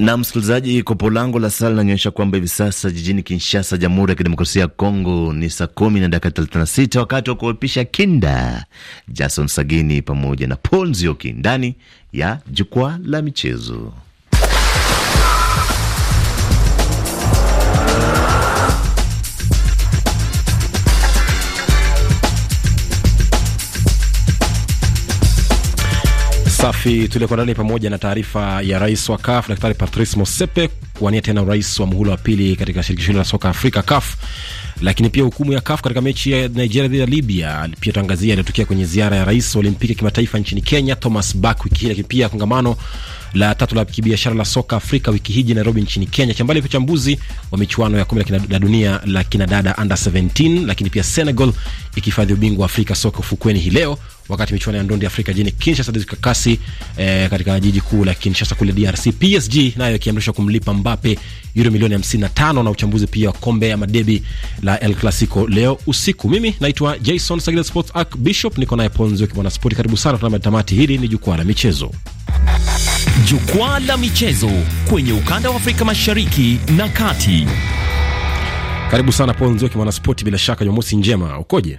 Na msikilizaji, kopo langu la saa linanyonyesha kwamba hivi sasa jijini Kinshasa, Jamhuri ya Kidemokrasia ya Kongo ni saa kumi na dakika 36 na sita wakati wa kuwapisha kinda Jason Sagini pamoja na Ponzio ndani ya jukwaa la michezo. Safi, tulikuwa ndani pamoja na taarifa ya rais wa CAF Daktari Patrice Mosepe kuwania tena urais wa muhula wa pili katika shirikisho la soka Afrika CAF, lakini pia hukumu ya CAF katika mechi ya Nigeria dhidi ya Libya, pia tuangazia iliyotokea kwenye ziara ya rais wa Olimpiki ya kimataifa nchini Kenya Thomas Bach wiki hii, lakini pia kongamano la tatu la kibiashara la soka Afrika wiki hii Nairobi nchini Kenya, chambali uchambuzi wa michuano ya kombe la dunia la kinadada under 17, lakini pia Senegal ikihifadhi ubingwa wa Afrika soka ufukweni hii leo wakati michuano ya ndondi Afrika jini Kinshasa dizika kasi eh, katika jiji kuu la Kinshasa kule DRC. PSG nayo ikiamrishwa kumlipa Mbappe euro milioni 55, na uchambuzi pia wa kombe ya madebi la El Clasico leo usiku. Mimi naitwa Jason Sagila Sports Arc Bishop, niko naye Ponzi kwa na Sport. Karibu sana tuna tamati. Hili ni jukwaa la michezo, jukwaa la michezo kwenye ukanda wa Afrika Mashariki na Kati. Karibu sana Ponzi kwa na Sport. Bila shaka Jumamosi njema, ukoje?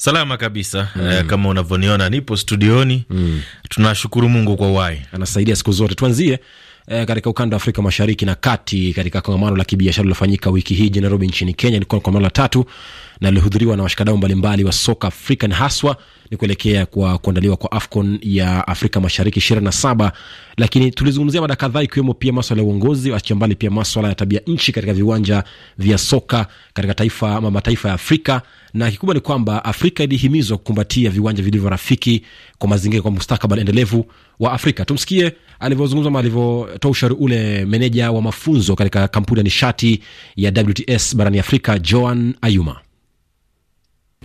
Salama kabisa mm. Eh, kama unavyoniona nipo studioni mm. Tunashukuru Mungu kwa wai anasaidia siku zote. Tuanzie eh, katika ukanda wa Afrika Mashariki na Kati, katika kongamano la kibiashara lilofanyika wiki hii jijini Nairobi nchini Kenya. Ilikuwa kongamano la tatu na lilihudhuriwa na washikadau mbalimbali wa soka Afrika na haswa ni kuelekea kwa kuandaliwa kwa AFCON ya Afrika Mashariki ishirini na saba, lakini tulizungumzia mada kadhaa ikiwemo pia maswala ya uongozi, achia mbali pia maswala ya tabia nchi katika viwanja vya soka katika taifa ama mataifa ya Afrika na kikubwa ni kwamba Afrika ilihimizwa kukumbatia viwanja vilivyo rafiki kwa mazingira kwa mustakabali endelevu wa Afrika. Tumsikie alivyozungumza ama alivyotoa ushauri ule meneja wa mafunzo katika kampuni ya nishati ya WTS barani Afrika, Joan Ayuma.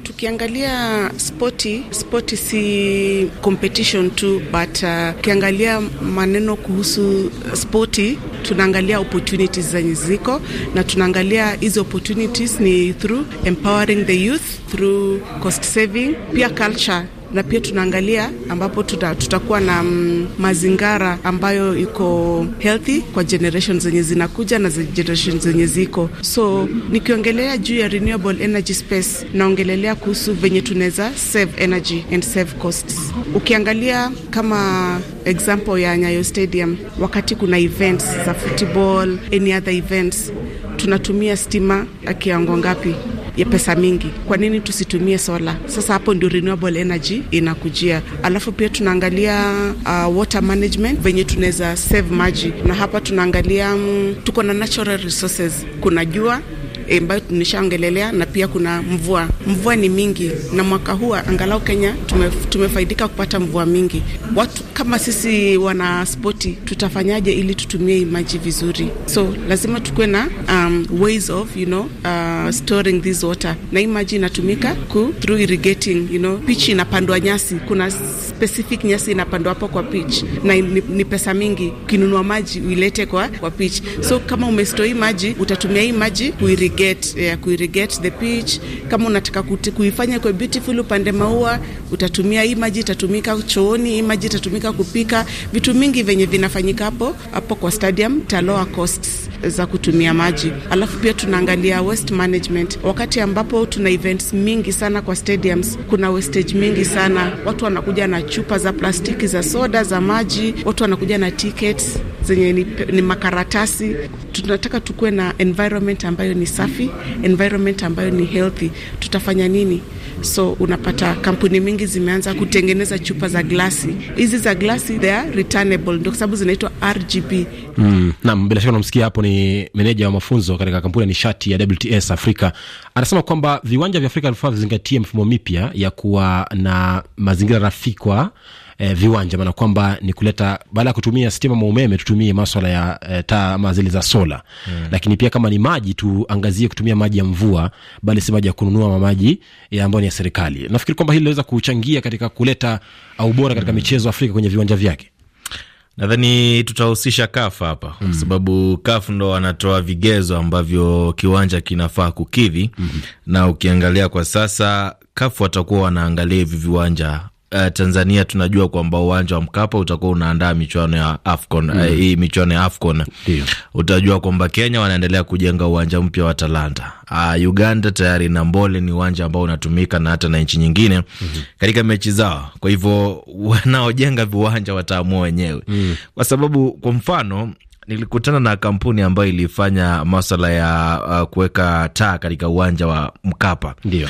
Tukiangalia spoti, spoti si competition tu but uh, ukiangalia maneno kuhusu spoti, tunaangalia opportunities zenye ziko na tunaangalia hizi opportunities ni through empowering the youth through cost saving, pia culture na pia tunaangalia ambapo tuta, tutakuwa na mm, mazingara ambayo iko healthy kwa generation zenye zinakuja na generation zenye ziko. So nikiongelea juu ya renewable energy space, naongelelea kuhusu venye tunaweza save energy and save costs. Ukiangalia kama example ya Nyayo Stadium, wakati kuna events za football, any other events, tunatumia stima akiango ngapi? ya pesa mingi. Kwa nini tusitumie sola? Sasa hapo ndio renewable energy inakujia. Alafu pia tunaangalia uh, water management venye tunaweza save maji, na hapa tunaangalia um, tuko na natural resources, kuna jua Eh, ambayo e, nimeshaongelelea na pia kuna mvua. Mvua ni mingi, na mwaka huu angalau Kenya tume, tumefaidika kupata mvua mingi. Watu kama sisi wana spoti tutafanyaje ili tutumie hii maji vizuri? So lazima tukuwe na um, ways of you know, uh, storing this water, na hii maji inatumika ku through irrigating you know, pitch inapandwa nyasi, kuna specific nyasi inapandwa hapo kwa pitch, na ni, ni pesa mingi ukinunua maji uilete kwa, kwa pitch. So kama umestoi maji utatumia hii maji kuirrigate irrigate, ya eh, kuirrigate the pitch. Kama unataka kuifanya kwa beautiful, upande maua, utatumia hii maji, itatumika chooni, hii maji itatumika kupika, vitu mingi venye vinafanyika hapo hapo kwa stadium Taloa costs za kutumia maji. Alafu pia tunaangalia waste management, wakati ambapo tuna events mingi sana kwa stadiums, kuna wastage mingi sana. Watu wanakuja na chupa za plastiki za soda za maji, watu wanakuja na tickets zenye ni, ni makaratasi. Tunataka tukuwe na environment ambayo ni safi, environment ambayo ni healthy. Tutafanya nini? So unapata kampuni mingi zimeanza kutengeneza chupa za glasi. Hizi za glasi they are returnable, ndio sababu zinaitwa RGB. Mm, naam, bila shaka unamsikia hapo ni meneja wa mafunzo katika kampuni ya nishati ya WTS Afrika, anasema kwamba viwanja vya Afrika vinafaa vizingatie mifumo mipya ya kuwa na mazingira rafiki kwa E, viwanja maana kwamba ni kuleta baada ya kutumia stima ma umeme tutumie maswala ya e, taa ama zile za sola mm. Lakini pia kama ni maji tuangazie kutumia maji ya mvua, bali si maji ya kununua, maji eh, ambayo ni ya serikali. Nafikiri kwamba hili linaweza kuchangia katika kuleta ubora katika mm. michezo Afrika kwenye viwanja vyake. Nadhani tutahusisha kaf hapa kwa mm. sababu CAF ndo wanatoa vigezo ambavyo kiwanja kinafaa kukidhi mm -hmm. na ukiangalia kwa sasa kaf watakuwa wanaangalia hivi viwanja uh, Tanzania tunajua kwamba uwanja wa Mkapa utakuwa unaandaa michuano ya AFCON eh, mm. uh, hii uh, michuano ya AFCON Dio. Utajua kwamba Kenya wanaendelea kujenga uwanja mpya wa Talanta. Uh, ah, Uganda tayari na Mbole ni uwanja ambao unatumika na hata na nchi nyingine mm -hmm. katika mechi zao. Kwa hivyo wanaojenga viwanja wataamua wenyewe mm. kwa sababu kwa mfano nilikutana na kampuni ambayo ilifanya maswala ya uh, kuweka taa katika uwanja wa Mkapa. Ndio,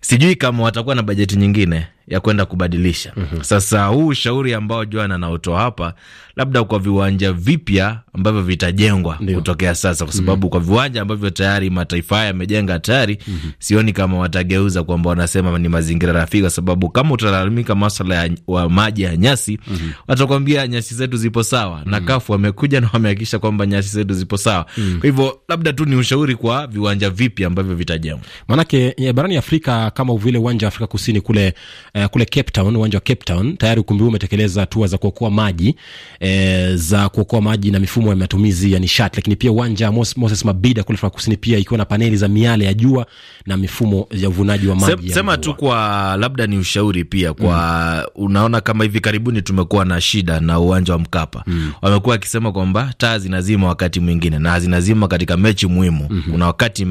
sijui kama watakuwa na bajeti nyingine ya kwenda kubadilisha. mm -hmm. Sasa huu ushauri ambao Joan anaotoa hapa, labda kwa viwanja vipya ambavyo vitajengwa kutokea sasa, kwa mhm. sababu mm -hmm. kwa viwanja ambavyo tayari mataifa haya yamejenga tayari, mm -hmm. sioni kama watageuza kwamba wanasema ni mazingira rafiki, kwa sababu kama utalalamika maswala ya wa maji ya nyasi, mm -hmm. watakwambia nyasi zetu zipo sawa, mm -hmm. na mhm. kafu wamekuja na wamehakikisha kwamba nyasi zetu zipo sawa. mm -hmm. Kwa hivyo labda tu ni ushauri kwa viwanja vipya ambavyo vitajengwa, maanake eh, barani Afrika kama vile uwanja wa Afrika Kusini kule uh, kule Cape Town, uwanja wa Cape Town. Tayari ukumbi huu umetekeleza hatua za kuokoa maji eh, za kuokoa maji na mifumo ya matumizi ya nishati, lakini pia uwanja Moses, Moses Mabida kule Afrika Kusini pia ikiwa na paneli za miale ya jua na mifumo ya uvunaji wa maji. Sema sema tu kwa labda ni ushauri pia kwa mm. Unaona kama hivi karibuni tumekuwa na shida na uwanja wa Mkapa mm. Wamekuwa wakisema kwamba taa zinazima wakati mwingine na zinazima katika mechi muhimu mm -hmm. Kuna wakati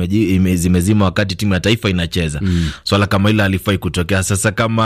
zimezima wakati timu ya taifa inacheza mm. Swala so, kama hilo alifai kutokea. Sasa kama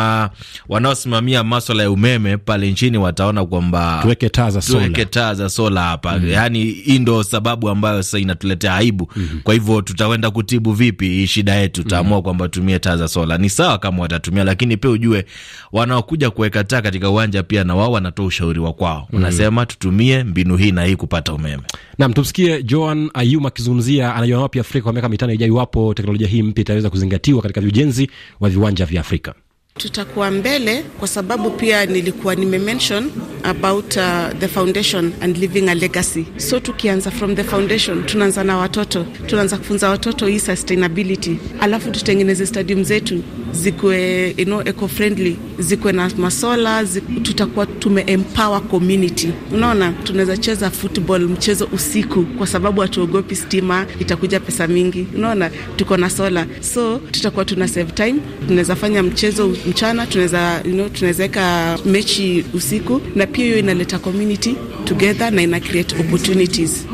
wanaosimamia maswala ya umeme pale nchini wataona kwamba tuweke taa za sola, tuweke taa za sola hapa mm mm-hmm. Yani hii ndo sababu ambayo sasa inatuletea aibu mm -hmm. Kwa hivyo tutaenda kutibu vipi hii shida yetu? Tutaamua mm -hmm. kwamba tumie taa za sola. Ni sawa kama watatumia, lakini pia ujue wanaokuja kuweka taa katika uwanja pia na wao wanatoa ushauri wa kwao mm -hmm. Unasema tutumie mbinu hii na hii kupata umeme. Nam tumsikie Joan Ayum akizungumzia anajiona wapi Afrika kwa miaka mitano ijayo, iwapo teknolojia hii mpya itaweza kuzingatiwa katika ujenzi wa viwanja vya Afrika tutakuwa mbele kwa sababu pia nilikuwa nimemention about uh, the foundation and living a legacy. So tukianza from the foundation, tunaanza na watoto, tunaanza kufunza watoto hii sustainability, alafu tutengeneze stadium zetu zikuwe you know, eco friendly, zikuwe na masola ziku, tutakuwa tume empower community. Unaona, tunaweza cheza football mchezo usiku kwa sababu hatuogopi stima, itakuja pesa mingi. Unaona, tuko na sola, so tutakuwa tuna save time, tunaweza fanya mchezo mchana, tunaweza you know, tunawezaweka mechi usiku, na pia hiyo inaleta community together na ina create opportunities.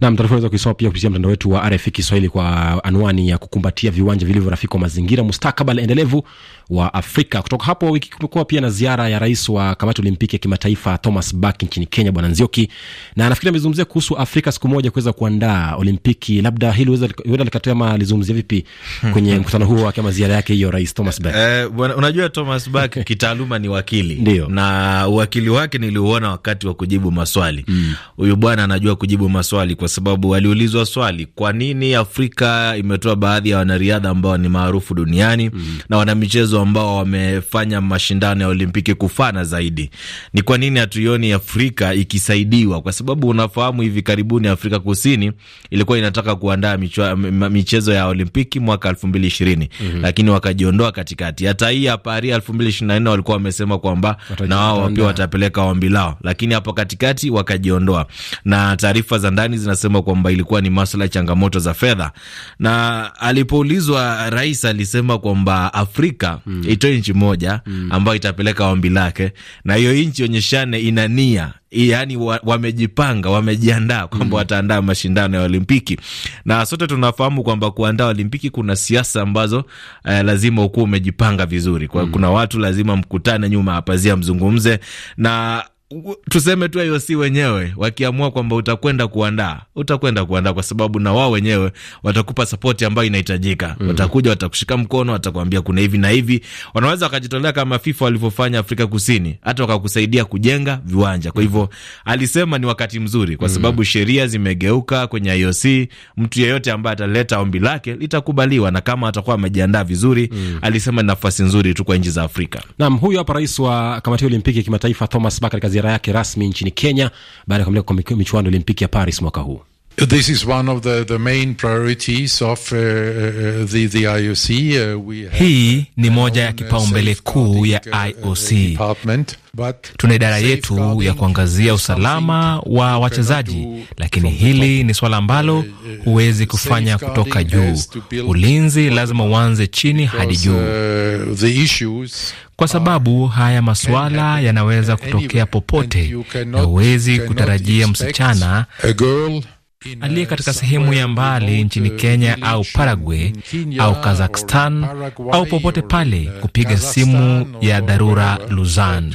Nam taarifa unaweza kuisoma pia kupitia mtandao wetu wa RFI Kiswahili kwa anwani ya kukumbatia viwanja vilivyo rafiki wa mazingira, mustakabali endelevu wa Afrika. Kutoka hapo wiki kumekuwa pia na ziara ya rais wa kamati olimpiki ya kimataifa Thomas Bach nchini Kenya, Bwana Nzioki, na nafikiri amezungumzia kuhusu Afrika siku moja kuweza kuandaa olimpiki. Labda hili huenda likatema lizungumzia vipi hmm. kwenye mkutano huo wake ama ziara yake hiyo, rais Thomas Bach? Eh, unajua Thomas Bach kitaaluma ni wakili Ndiyo. na uwakili wake niliuona wakati wa kujibu maswali hmm. huyu mm. bwana anajua kujibu maswali kwa sababu aliulizwa swali, kwa nini Afrika imetoa baadhi ya wanariadha ambao ni maarufu duniani mm. na wanamichezo ambao wamefanya mashindano ya Olimpiki kufana zaidi, ni kwa nini hatuioni Afrika ikisaidiwa? Kwa sababu unafahamu hivi karibuni Afrika Kusini ilikuwa inataka kuandaa michezo ya Olimpiki mwaka elfu mbili ishirini mm -hmm. lakini wakajiondoa katikati. Hata hii ya Paris elfu mbili ishirini na nne walikuwa wamesema kwamba na wao pia watapeleka ombi lao, lakini hapo katikati wakajiondoa, na taarifa za ndani zina anasema kwamba ilikuwa ni maswala ya changamoto za fedha, na alipoulizwa rais alisema kwamba Afrika mm. itoe nchi moja mm. ambayo itapeleka ombi lake, na hiyo nchi onyeshane ina nia yaani wamejipanga wamejiandaa kwamba mm wataandaa mashindano ya Olimpiki, na sote tunafahamu kwamba kuandaa Olimpiki kuna siasa ambazo eh, lazima ukuwa umejipanga vizuri kwa, mm kuna watu lazima mkutane nyuma ya pazia mzungumze, na tuseme tu IOC wenyewe wakiamua kwamba utakwenda kuandaa, utakwenda kuandaa kwa sababu na wao wenyewe watakupa sapoti ambayo inahitajika. Mm. -hmm. Watakuja, watakushika mkono, watakwambia kuna hivi na hivi. Wanaweza wakajitolea kama FIFA walivyofanya Afrika Kusini, hata wakakusaidia kujenga viwanja. Kwa hivyo mm-hmm. alisema ni wakati mzuri, kwa mm-hmm. sababu mm -hmm. sheria zimegeuka kwenye IOC. Mtu yeyote ambaye ataleta ombi lake litakubaliwa, na kama atakuwa amejiandaa vizuri. Mm. -hmm. Alisema ni nafasi nzuri tu kwa nchi za Afrika. Naam, huyu hapa rais wa kamati ya olimpiki kimataifa Thomas Bach katika ziara yake rasmi nchini Kenya baada ya kukamilika kwa michuano Olimpiki ya Paris mwaka huu. This is one of the, the main priorities of, uh, uh the, the IOC. Uh, we have hii ni moja ya kipaumbele kuu ya uh, IOC. Uh, Tuna idara yetu ya kuangazia usalama wa wachezaji, lakini hili ni suala ambalo huwezi kufanya kutoka juu. Ulinzi lazima uanze chini hadi juu, kwa sababu haya masuala yanaweza kutokea popote, na huwezi kutarajia msichana aliye katika sehemu ya mbali nchini Kenya au Paraguay au Kazakhstan au popote pale kupiga simu ya dharura Luzan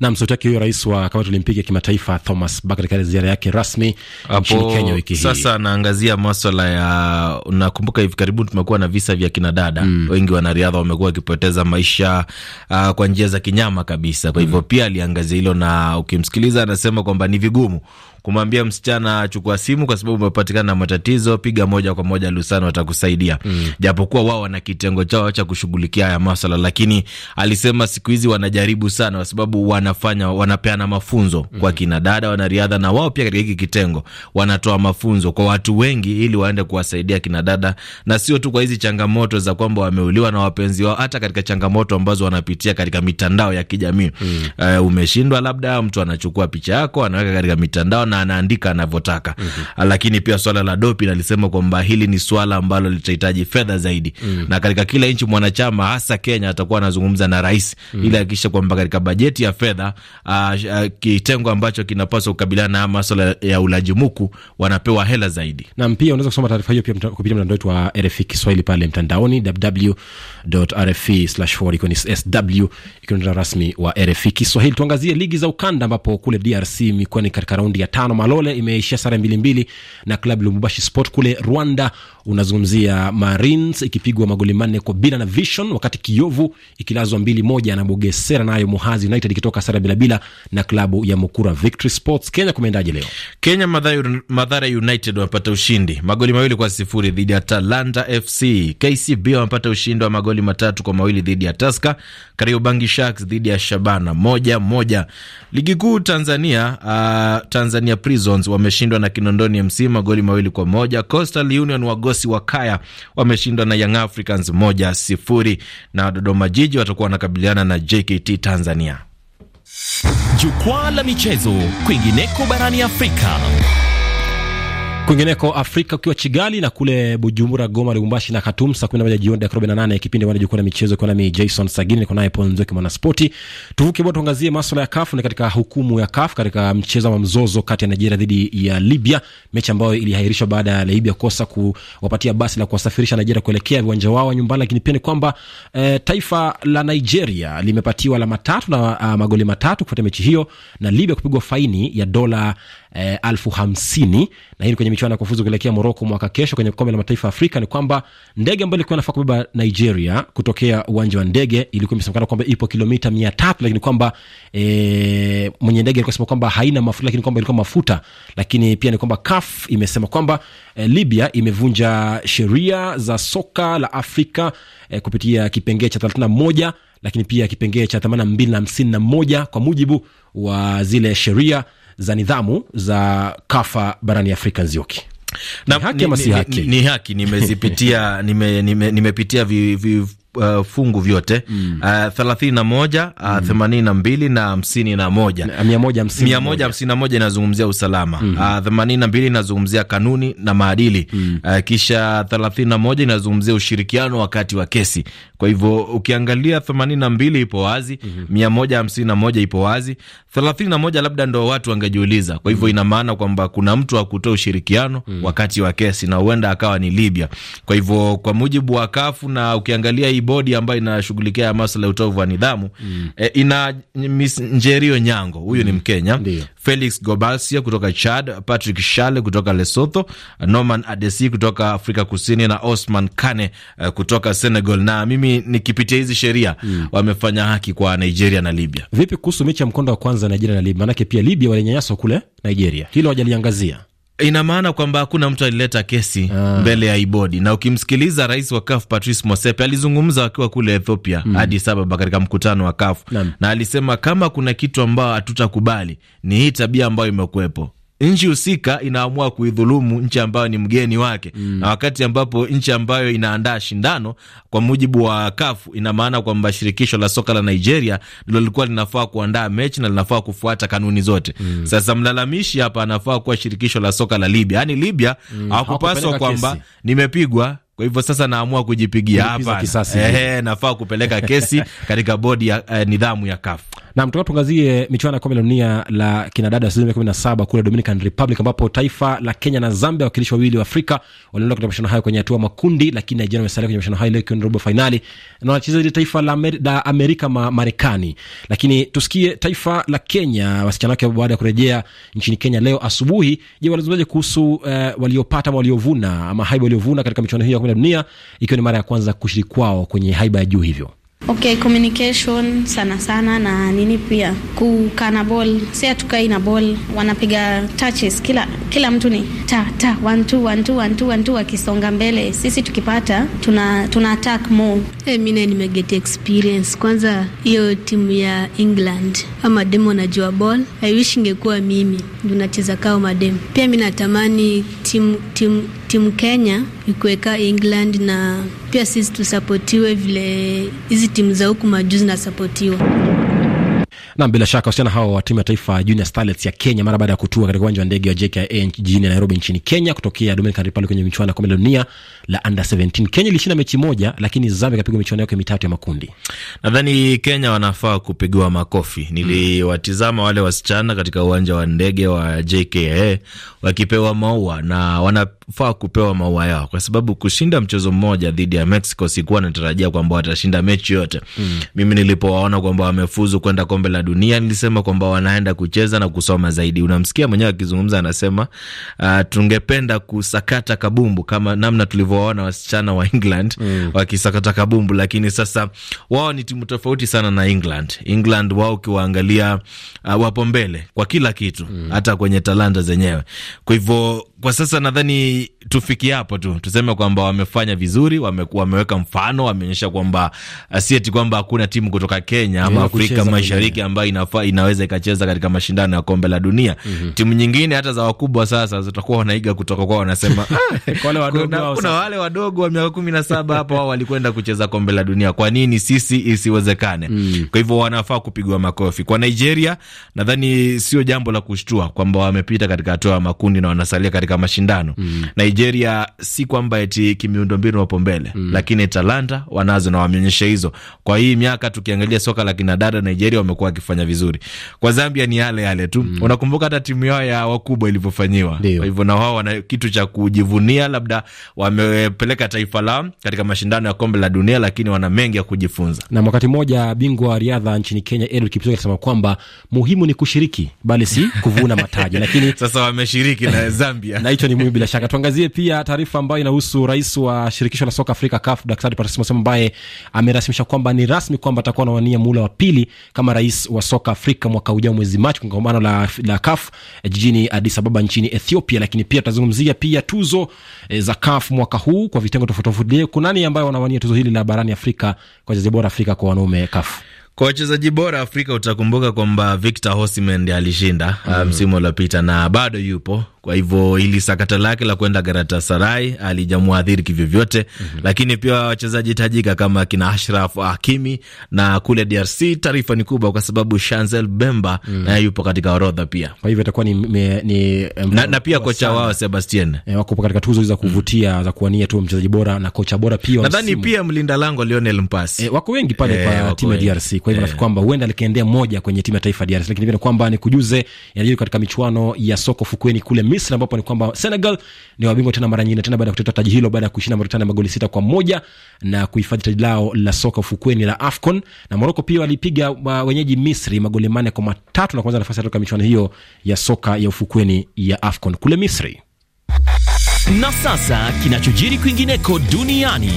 na msoti wake huyo rais wa kamati olimpiki ya kimataifa Thomas Bach katika ziara yake rasmi nchini Kenya wiki hii. Sasa anaangazia maswala ya, nakumbuka hivi karibuni tumekuwa na visa vya kinadada mm. wengi wanariadha wamekuwa wakipoteza maisha uh, kwa njia za kinyama kabisa. Kwa hivyo mm. pia aliangazia hilo, na ukimsikiliza anasema kwamba ni vigumu kumwambia msichana achukua simu kwa sababu umepatikana na matatizo, piga moja kwa moja Lusano watakusaidia. Mm. Japokuwa wao wana kitengo chao cha kushughulikia haya maswala, lakini alisema siku hizi wanajaribu sana kwa sababu wana wanafanya wanapeana mafunzo mm -hmm. kwa mhm. kina dada wanariadha, na wao pia katika hiki kitengo wanatoa mafunzo kwa watu wengi, ili waende kuwasaidia kina dada, na sio tu kwa hizi changamoto za kwamba wameuliwa na wapenzi wao, hata katika changamoto ambazo wanapitia katika mitandao ya kijamii mm -hmm. uh, umeshindwa, labda mtu anachukua picha yako anaweka katika mitandao na anaandika anavyotaka mm -hmm. lakini pia swala la dopi nalisema kwamba hili ni swala ambalo litahitaji fedha zaidi mm -hmm. na katika kila nchi mwanachama hasa Kenya atakuwa anazungumza na rais mm -hmm. ili hakikisha kwamba katika bajeti ya fedha fedha ah, ah, kitengo ambacho kinapaswa kukabiliana na maswala ya ulajimuku wanapewa hela zaidi. Na pia unaweza kusoma taarifa hiyo pia kupitia mtandao wetu wa RFI Kiswahili pale mtandaoni wwwrfi sw ikiwa mtandao rasmi wa RFI Kiswahili. Tuangazie ligi za ukanda ambapo kule DRC imekuwa ni katika raundi ya tano, Malole imeishia sare mbili mbili na klabu Lubumbashi Sport. Kule Rwanda unazungumzia Marines ikipigwa magoli manne kwa bila na Vision, wakati Kiovu ikilazwa mbili moja na Bogesera, nayo Muhazi United ikitoka sare bila na klabu ya Mukura Victory Sports. Kenya kumeendaje leo? Kenya Madhara United wamepata ushindi magoli mawili kwa sifuri dhidi ya Talanta FC. KCB wamepata ushindi wa magoli matatu kwa mawili dhidi ya Taska. Kariobangi Sharks dhidi ya Shabana moja moja. Ligi kuu Tanzania, uh, Tanzania Prisons wameshindwa na Kinondoni MC magoli mawili kwa moja. Coastal Union wagosi wa Kaya wameshindwa na Young Africans moja sifuri, na Dodoma Jiji watakuwa wanakabiliana na JKT Tanzania jukwaa la michezo kwingineko barani Afrika. Kwingineko Afrika, ukiwa Chigali na kule Bujumbura, Goma, Lubumbashi na Katum, saa kumi na moja jioni dakika arobaini na nane kipindi wana jukwaa la michezo, ikiwa nami Jason Sagini, niko naye Paul Nzoki, mwanaspoti. Tuvuke bwana, tuangazie maswala ya kafu. Ni katika hukumu ya kafu katika mchezo wa mzozo kati ya Nigeria dhidi ya Libya, mechi ambayo iliahirishwa baada ya Libya kosa kuwapatia basi la kuwasafirisha Nigeria kuelekea viwanja wao nyumbani. Lakini pia ni kwamba eh, taifa la Nigeria limepatiwa alama tatu na uh, magoli matatu kufuatia mechi hiyo na Libya kupigwa faini ya dola eh, elfu hamsini na hii ni kwenye michuano ya kufuzu kuelekea Moroko mwaka kesho kwenye kombe la mataifa ya Afrika ni kwamba ndege ambayo ilikuwa inafaa kubeba Nigeria kutokea uwanja wa ndege ilikuwa imesemekana kwamba ipo kilomita mia tatu lakini kwamba e, mwenye ndege alikuwa sema kwamba haina mafuta, lakini kwamba ilikuwa mafuta. Lakini pia ni kwamba CAF imesema kwamba e, Libya imevunja sheria za soka la Afrika e, kupitia kipengee cha 31 lakini pia kipengee cha 82 na hamsini na moja kwa mujibu wa zile sheria za nidhamu za Kafa barani Afrika Nzioki. Na, ni haki ama si haki? Ni, ni, ni haki nimezipitia nime, nime, nimepitia vi, vi, Uh, fungu vyote mm. uh, thelathini na moja uh, mm. themanini na mbili na hamsini na moja mia moja hamsini na moja inazungumzia usalama, mm. uh, themanini na mbili inazungumzia kanuni na maadili mm. uh, kisha thelathini na moja inazungumzia ushirikiano wakati wa kesi. Kwa hivyo ukiangalia themanini na mbili ipo wazi, mhm. mia moja hamsini na moja ipo wazi, thelathini na moja labda ndo watu wangejiuliza. Kwa hivyo mhm. ina maana kwamba kuna mtu akutoa ushirikiano mhm. wakati wa kesi na huenda akawa ni Libya. Kwa hivyo kwa mujibu wa kafu na ukiangalia hii bodi ambayo inashughulikia masuala ya utovu wa nidhamu, eh, ina Njerio Nyango, huyu ni Mkenya Felix Gobalsia kutoka Chad, Patrick Shale kutoka Lesotho, Norman Adesi kutoka Afrika Kusini na Osman Kane eh, kutoka Senegal. Na mimi nikipitia hizi sheria mm, wamefanya haki kwa Nigeria na Libya. Vipi kuhusu mechi ya mkondo wa kwanza Nigeria na Libya? Maanake pia Libya walinyanyaswa kule Nigeria, hilo wajaliangazia ina maana kwamba hakuna mtu alileta kesi ah, mbele ya ibodi. Na ukimsikiliza rais wa CAF Patrice Motsepe alizungumza akiwa kule Ethiopia, mm, Addis Ababa katika mkutano wa CAF na alisema kama kuna kitu ambao hatutakubali ni hii tabia ambayo imekuwepo nchi husika inaamua kuidhulumu nchi ambayo ni mgeni wake mm. na wakati ambapo nchi ambayo inaandaa shindano kwa mujibu wa kafu, ina maana kwamba shirikisho la soka la Nigeria ndilo lilikuwa linafaa kuandaa mechi na linafaa kufuata kanuni zote mm. Sasa mlalamishi hapa anafaa kuwa shirikisho la soka la Libya, yaani Libya mm. hawakupaswa kwamba nimepigwa kwa hivyo sasa naamua kujipigia hapa, nafaa kupeleka kesi katika bodi ya eh, nidhamu ya kafu. Nam, tuka tuangazie michuano ya kombe la dunia la kinadada sehemu ya kumi na saba kule Dominican Republic, ambapo taifa la Kenya na Zambia, wakilishi wawili wa Afrika, waliondoka katika mashindano hayo kwenye hatua makundi, lakini Nigeria wamesalia kwenye mashindano hayo leo ikiwa ni robo fainali na wanacheza ile taifa la Amerika, Amerika ma Marekani. Lakini tusikie taifa la Kenya, wasichana wake baada ya kurejea nchini Kenya leo asubuhi. Je, walizungumzaje kuhusu eh, waliopata ama waliovuna ama haiba waliovuna katika michuano hiyo ya kombe la dunia, ikiwa ni mara ya kwanza kushiriki kwao kwenye haiba ya juu hivyo? Okay, communication sana sana na nini pia kukana ball, si hatukai na ball, wanapiga touches kila kila mtu ni ta ta one two one two one two one two, akisonga mbele, sisi tukipata tuna tuna attack more. Hey, eh, mimi nimeget experience kwanza hiyo timu ya England ama demo na jua ball. I wish ingekuwa mimi ndio nacheza kao madem. Pia mimi natamani timu timu timu Kenya ikuweka England na pia sisi tusapotiwe vile hizi timu za huku majuzi zinasapotiwa Nam, bila shaka wasichana hawa wa timu ya taifa Junior Starlets ya Kenya mara baada ya kutua katika uwanja wa ndege wa JKA jijini Nairobi nchini Kenya kutokea Dominican Republic kwenye michuano ya kombe la dunia la under 17. Kenya ilishinda mechi moja, lakini Zambia ikapigwa michuano yake mitatu ya makundi. Nadhani Kenya wanafaa kupigiwa makofi. Hmm. Niliwatizama wale wasichana katika uwanja wa ndege wa JKA wakipewa maua na wanafaa kupewa maua yao, kwa sababu kushinda mchezo mmoja dhidi ya Mexico sikuwa natarajia kwamba watashinda mechi yote. Mm. Mimi nilipowaona kwamba wamefuzu kwenda kombe la dunia nilisema kwamba wanaenda kucheza na kusoma zaidi. Unamsikia mwenyewe akizungumza, anasema uh, tungependa kusakata kabumbu kama namna tulivyowaona wasichana wa England mm. wakisakata kabumbu, lakini sasa wao ni timu tofauti sana na England. England wao ukiwaangalia, uh, wapo mbele kwa kila kitu mm. hata kwenye talanta zenyewe, kwa hivyo kwa sasa nadhani tufikie hapo tu, tuseme kwamba wamefanya vizuri, wameweka mfano, wameonyesha kwamba uh, si eti kwamba hakuna timu kutoka Kenya ama yeah, Afrika Mashariki ambayo inafaa inaweza ikacheza katika mashindano ya kombe la dunia. mm -hmm. Timu nyingine hata za wakubwa sasa zitakuwa wanaiga kutoka kwao, wanasema ah, kuna wale wadogo wa miaka kumi na saba hapo wao walikwenda kucheza kombe la dunia, kwa nini sisi isiwezekane? mm. -hmm. Kwa hivyo wanafaa kupigwa makofi. Kwa Nigeria nadhani sio jambo la kushtua kwamba wamepita katika hatua ya makundi na wanasalia katika mashindano mm. Nigeria si kwamba eti kimiundo mbinu wapo mbele mm. lakini talanta wanazo na wameonyesha hizo kwa hii miaka. Tukiangalia soka la kinadada Nigeria wamekuwa wakifanya vizuri. Kwa Zambia ni yale yale tu mm. Unakumbuka hata timu yao ya wakubwa ilivyofanyiwa. Kwa hivyo na wao wana kitu cha kujivunia, labda wamepeleka taifa lao katika mashindano ya kombe la dunia, lakini wana mengi ya kujifunza. Na wakati mmoja bingwa wa riadha nchini Kenya Eliud Kipchoge alisema kwamba muhimu ni kushiriki, bali si kuvuna mataji, lakini sasa wameshiriki na Zambia pia na hicho ni muhimu bila shaka. Tuangazie pia taarifa ambayo inahusu rais wa shirikisho la soka Afrika CAF Daktari Patrice ambaye amerasimisha kwamba ni rasmi kwamba atakuwa anawania muhula wa pili kama rais wa soka Afrika mwaka ujao mwezi Machi kwenye kongamano la, la CAF eh, jijini Addis Ababa nchini Ethiopia. Lakini pia tutazungumzia pia tuzo e, za CAF mwaka huu kwa vitengo tofauti tofauti. Kuna nani ambayo wanawania tuzo hili la barani Afrika kwa wachezaji bora Afrika kwa wanaume CAF? Kwa wachezaji bora Afrika utakumbuka kwamba Victor Osimhen alishinda eh, msimu mm, um, uliopita na bado yupo kwa hivyo ili sakata lake la kwenda Galatasaray alijamwadhiri kivyovyote, mm -hmm. lakini pia wachezaji tajika kama kina Ashraf Hakimi na kule DRC taarifa ni kubwa, kwa sababu Chancel Bemba mm -hmm. Eh, naye yupo katika orodha pia. Kwa hivyo itakuwa ni, me, ni na, na pia kocha wao Sebastien e, eh, wako katika tuzo za kuvutia mm -hmm. za kuwania tu mchezaji bora na kocha bora pia, nadhani pia mlinda lango Lionel Mpasi e, wako wengi pale e, kwa timu ya DRC. Kwa hivyo nafikiri kwamba huenda likaendea moja kwenye timu ya taifa DRC, lakini pia kwamba nikujuze yaliyo katika michuano ya soko fukweni kule Misri, ambapo ni kwamba Senegal ni wabingwa tena mara nyingine tena baada ya kutoa taji hilo baada ya kushinda Mauritania magoli sita kwa moja na kuhifadhi taji lao la soka ufukweni la AFCON. Na moroko pia walipiga wenyeji Misri magoli manne kwa matatu na kuanza nafasi ya michuano hiyo ya soka ya ufukweni ya AFCON kule Misri. Na sasa kinachojiri kwingineko duniani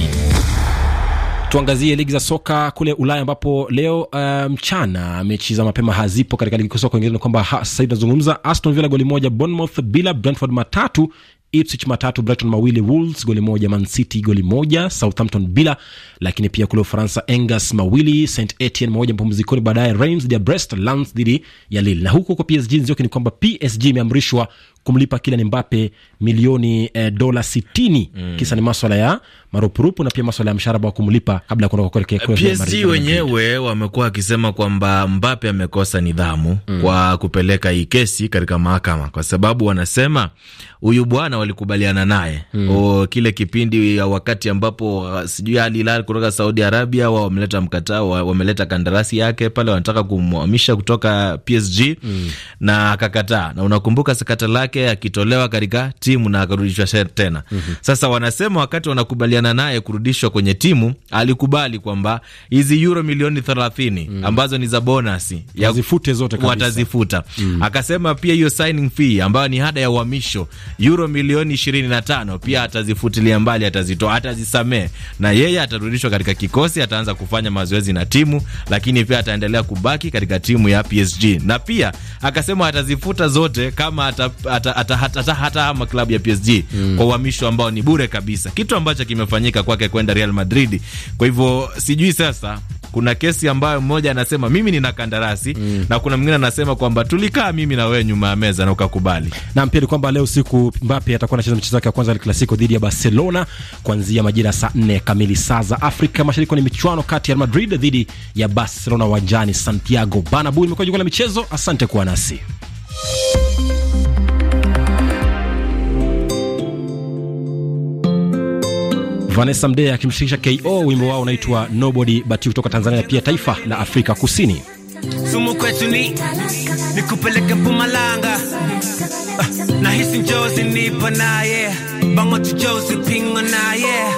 Tuangazie ligi za soka kule Ulaya ambapo leo eh, mchana um, mechi za mapema hazipo katika ligi kuu soka Uingereza. Ni kwamba sasa hivi tunazungumza, Aston Villa goli moja Bournemouth bila, Brentford matatu Ipswich matatu, Brighton mawili, Wolves goli moja, Man City goli moja, Southampton bila. Lakini pia kule Ufaransa, Angers mawili, Saint Etienne moja mpumzikoni. baadaye Reims dhidi ya Brest, Lens dhidi ya Lille. Na huku kwa PSG, nzioki ni kwamba PSG imeamrishwa kumlipa Kylian Mbappe milioni eh, dola sitini mm. Kisa ni maswala ya marupurupu na pia maswala ya msharaba wa kumlipa kabla ya kuondoka kwa PSG wenyewe wamekuwa wakisema kwamba Mbappe amekosa nidhamu mm. kwa kupeleka hii kesi katika mahakama, kwa sababu wanasema huyu bwana walikubaliana naye mm. o kile kipindi ya wakati ambapo uh, sijui Al Hilal kutoka Saudi Arabia wao wameleta mkataa, wameleta kandarasi yake pale, wanataka kumhamisha kutoka PSG mm. na akakataa, na unakumbuka sakata lake yake akitolewa katika timu na akarudishwa tena. mm -hmm. Sasa wanasema wakati wanakubaliana naye kurudishwa kwenye timu alikubali kwamba hizi euro milioni thelathini mm -hmm. ambazo ni za bonasi wazifute zote kabisa, watazifuta mm -hmm. Akasema pia hiyo signing fee ambayo ni ada ya uhamisho euro milioni ishirini na tano pia atazifutilia mbali, atazitoa, atazisamee na yeye atarudishwa katika kikosi, ataanza kufanya mazoezi na timu, lakini pia ataendelea kubaki katika timu ya PSG na pia akasema atazifuta zote kama ata, ata hata hata hata, hata maklabu ya PSG mm. kwa uhamisho ambao ni bure kabisa, kitu ambacho kimefanyika kwake kwenda Real Madrid. Kwa hivyo sijui sasa kuna kesi ambayo mmoja anasema mimi nina kandarasi mm. na kuna mwingine anasema kwamba tulikaa mimi na wewe nyuma ya meza na ukakubali. Na pia ni kwamba leo usiku Mbappe atakuwa anacheza mchezo wake wa kwanza wa Clasico dhidi ya Barcelona kuanzia majira saa 4 kamili saa za Afrika Mashariki. Ni michuano kati ya Madrid dhidi ya Barcelona wanjani Santiago Bernabeu. Imekuwa jukwaa la michezo, asante kuwa nasi. Vanessa Mdee akimshirikisha KO, wimbo wao unaitwa Nobody But You kutoka Tanzania, pia taifa la Afrika Kusini. Sumu kwetu ni nikupeleke Mpumalanga, uh, nahisi njozi nipo naye, bango tujozi pingo naye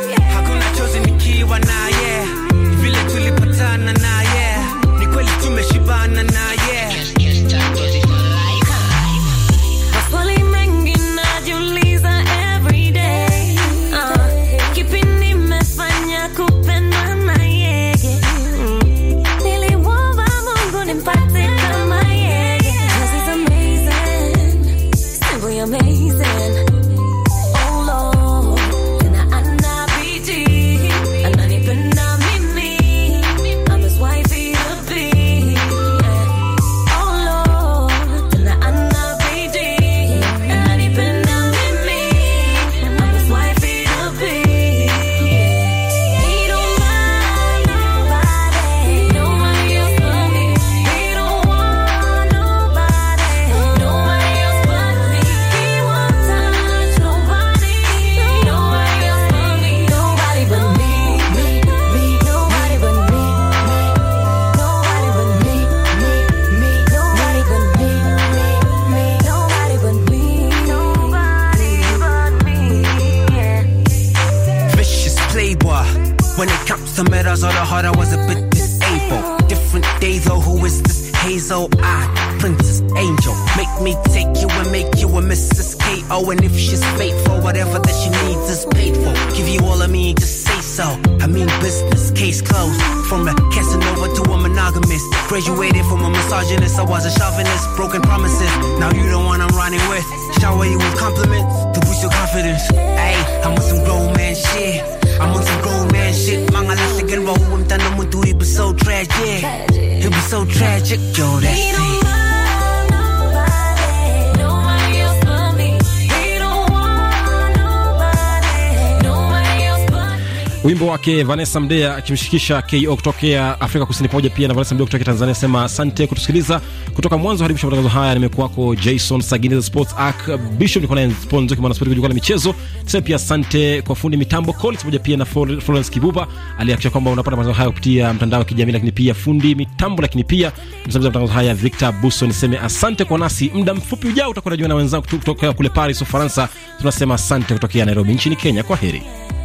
The met us, all the I was a bit disabled. Different day though, who is this hazel eyed princess angel? Make me take you and make you a Mrs. KO. And if she's faithful, whatever that she needs is paid for, give you all of me, just say so. I mean, business case closed. From a Casanova to a monogamist. Graduated from a misogynist, I was a chauvinist. Broken promises, now you the one I'm running with. Shower you with compliments to boost your confidence. Hey, I'm with some grown man shit. I'm on some grown man shit. 망할라스겐 로움 단 It 두입은 so tragic. It was so tragic. Yo, that's it. wimbo wake Vanessa Mdea akimshikisha Ko kutokea Afrika Kusini pamoja pia na Vanessa Mdea kutokea Tanzania. Sema asante kutusikiliza kutoka mwanzo hadi mwisho wa matangazo haya. Nimekuwa kwako Jason Sagini Sports Arc Bishop, nilikuwa naye Sponzo kwa Mwanaspoti kujua na michezo. Sasa pia asante kwa fundi mitambo Collins pamoja pia na Florence Kibuba aliyehakikisha kwamba unapata matangazo haya kupitia mtandao wa kijamii, lakini pia fundi mitambo, lakini pia msambazaji wa matangazo haya Victor Buso. Niseme asante kwa nasi, muda mfupi ujao utakuwa na wenzangu kutoka kule Paris, Ufaransa. Tunasema asante kutokea Nairobi nchini Kenya. Kwa heri.